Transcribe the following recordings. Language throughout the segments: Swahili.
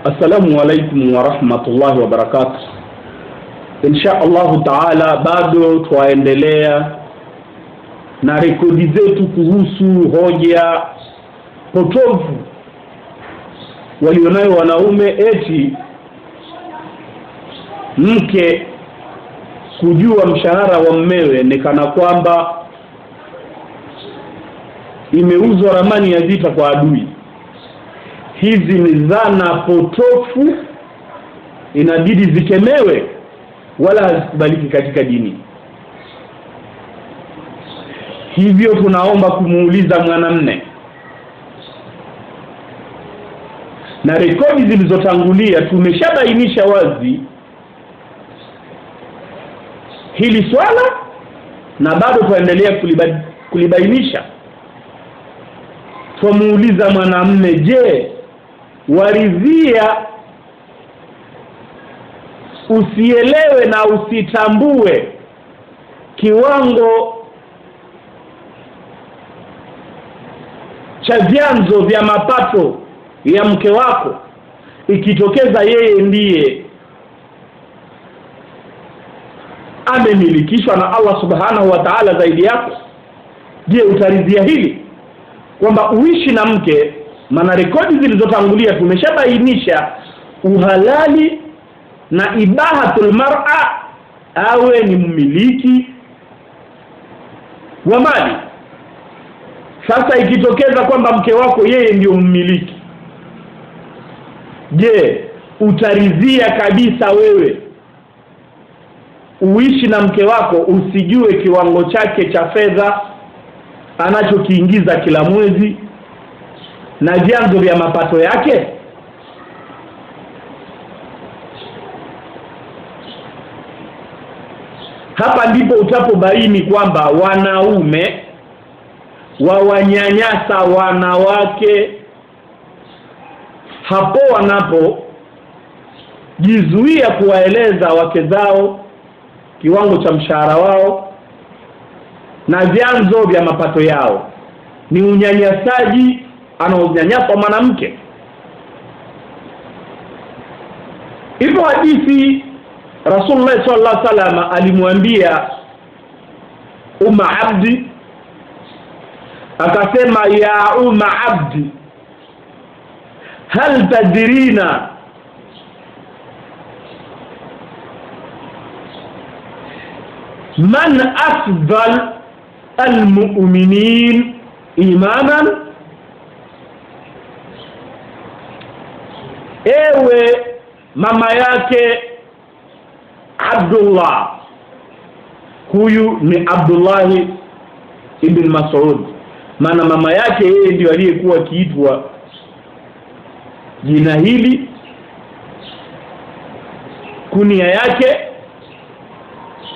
Assalamu alaikum warahmatullahi wabarakatuh. Insha allahu taala, bado twaendelea na rekodi zetu kuhusu hoja potovu walionayo wanaume eti mke kujua mshahara wa mmewe ni kana kwamba imeuzwa ramani ya vita kwa adui hizi ni dhana potofu inabidi zikemewe wala hazikubaliki katika dini hivyo tunaomba kumuuliza mwanamme na rekodi zilizotangulia tumeshabainisha wazi hili swala na bado tuendelea kuliba, kulibainisha twamuuliza mwanamme je waridhia usielewe na usitambue kiwango cha vyanzo vya mapato ya mke wako ikitokeza yeye ndiye amemilikishwa na Allah subhanahu wa ta'ala zaidi yako je utaridhia hili kwamba uishi na mke maana rekodi zilizotangulia tumeshabainisha uhalali na ibahatul mar'a awe ni mmiliki wa mali sasa ikitokeza kwamba mke wako yeye ndiyo mmiliki je utaridhia kabisa wewe uishi na mke wako usijue kiwango chake cha fedha anachokiingiza kila mwezi na vyanzo vya mapato yake? Hapa ndipo utapobaini kwamba wanaume wawanyanyasa wanawake hapo wanapojizuia kuwaeleza wake zao kiwango cha mshahara wao na vyanzo vya mapato yao. Ni unyanyasaji anaonyanyasa mwanamke ipo hadithi rasulullah sallallahu alaihi wasallam alimwambia umma abdi akasema ya umma abdi hal tadrina man afdal almuminin imanan ewe mama yake Abdullah huyu ni Abdullahi ibn Mas'ud maana mama yake yeye ndio aliyekuwa akiitwa jina hili kunia yake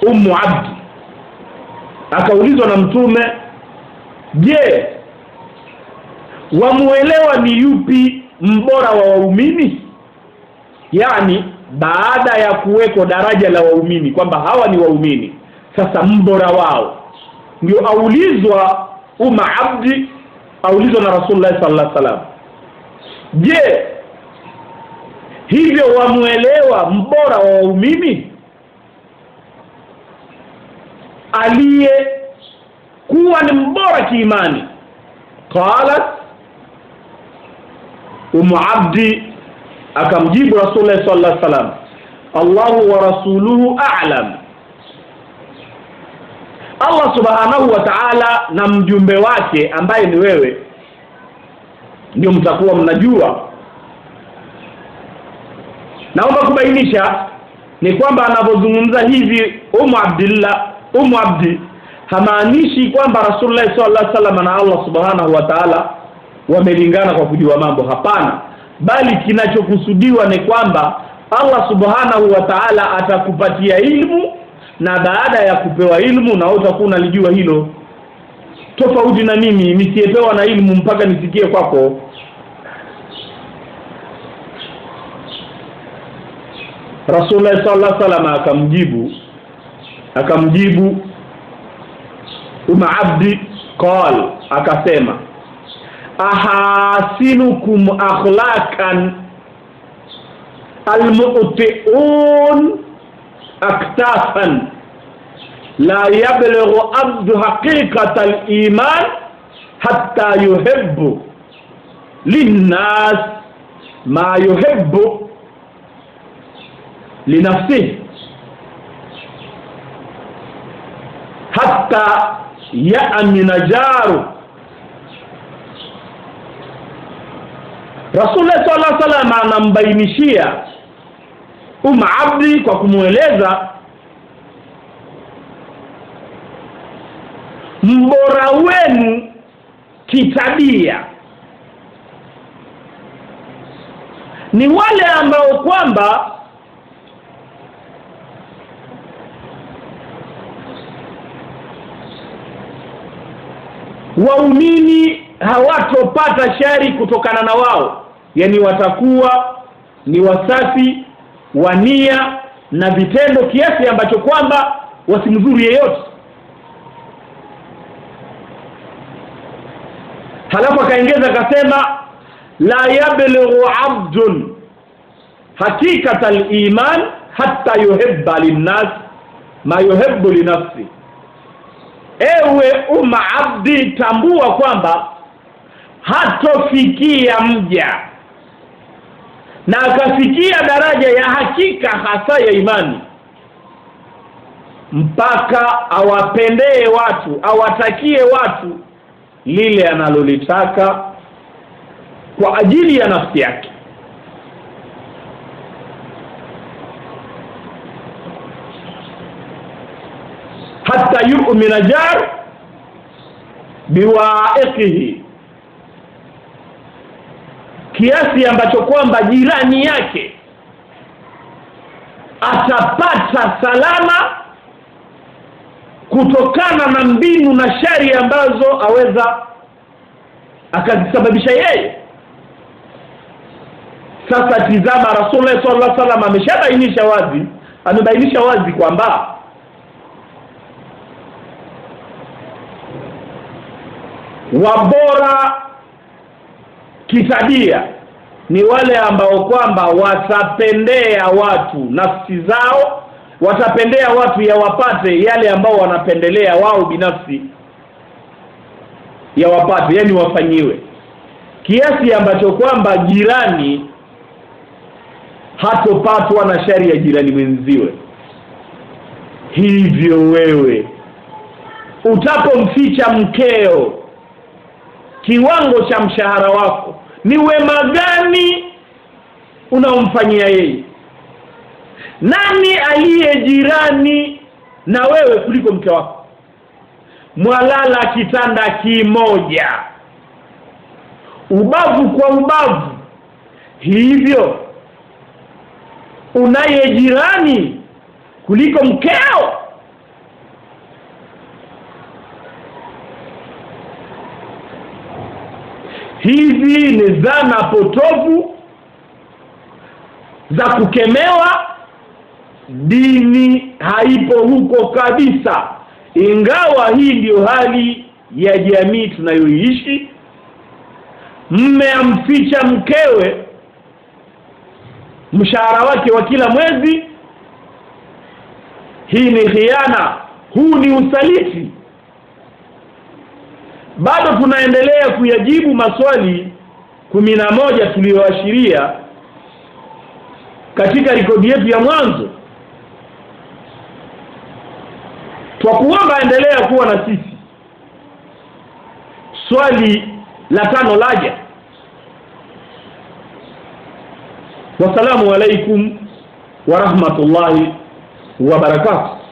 Ummu Abdi akaulizwa na mtume je wamuelewa ni yupi mbora wa waumini yani baada ya kuwekwa daraja la waumini kwamba hawa ni waumini sasa mbora wao ndio aulizwa umma abdi aulizwa na rasulullah sallallahu alaihi wasallam je hivyo wamwelewa mbora wa waumini aliye kuwa ni mbora kiimani qalat Umu Abdi akamjibu Rasulullah sallallahu alaihi wasallam, Allahu wa rasuluhu a'lam, Allah subhanahu wa ta'ala na mjumbe wake ambaye ni wewe ndio mtakuwa mnajua. Naomba kubainisha ni kwamba anapozungumza hivi Umu Abdillah, Umu Abdi hamaanishi kwamba Rasulullah sallallahu alaihi wasallam na Allah subhanahu wa ta'ala wamelingana kwa kujua mambo. Hapana, bali kinachokusudiwa ni kwamba Allah subhanahu wa ta'ala atakupatia ilmu, na baada ya kupewa ilmu na utakuwa unalijua hilo, tofauti na mimi nisiyepewa na ilmu mpaka nisikie kwako. Rasulullah sallallahu alaihi wasallam akamjibu akamjibu Umma Abdi qal, akasema أحاسنكم أخلاقا المؤتئون أكتافا لا يبلغ عبد حقيقة الإيمان حتى يحب للناس ما يحب لنفسه حتى يأمن جاره Rasulullah sallallahu alaihi wasallam anambainishia Umma Abdi kwa kumweleza mbora wenu kitabia ni wale ambao kwamba waumini hawatopata shari kutokana na wao yani watakuwa ni wasafi wa nia na vitendo kiasi ambacho kwamba wasimdhuru yeyote halafu akaongeza akasema la yablughu abdun hakikata liman hata yuhibba linnas ma yuhibbu linafsi ewe umma abdi tambua kwamba hatofikia mja na akafikia daraja ya hakika hasa ya imani mpaka awapendee watu awatakie watu lile analolitaka kwa ajili ya nafsi yake hata yu'mina jar biwaiqihi kiasi ambacho kwamba jirani yake atapata salama kutokana na mbinu na shari ambazo aweza akazisababisha yeye sasa tizama Rasulullah sallallahu alaihi wasallam ameshabainisha wazi amebainisha wazi kwamba wabora kitabia ni wale ambao kwamba watapendea watu nafsi zao watapendea watu yawapate yale ambao wanapendelea wao binafsi yawapate yani wafanyiwe kiasi ambacho kwamba jirani hatopatwa na shari ya jirani mwenziwe hivyo wewe utapomficha mkeo kiwango cha mshahara wako ni wema gani unaomfanyia yeye nani aliye jirani na wewe kuliko mke wako mwalala kitanda kimoja ubavu kwa ubavu hivyo unaye jirani kuliko mkeo hizi ni zana potofu za kukemewa dini haipo huko kabisa ingawa hii ndiyo hali ya jamii tunayoiishi mme amficha mkewe mshahara wake wa kila mwezi hii ni khiana huu ni usaliti bado tunaendelea kuyajibu maswali moja tuliyoashiria katika rekodi yetu ya mwanzo kwa kuomba endelea kuwa na sisi swali la tano laja wasalamu alaikum wa rahmatullahi wa barakatuh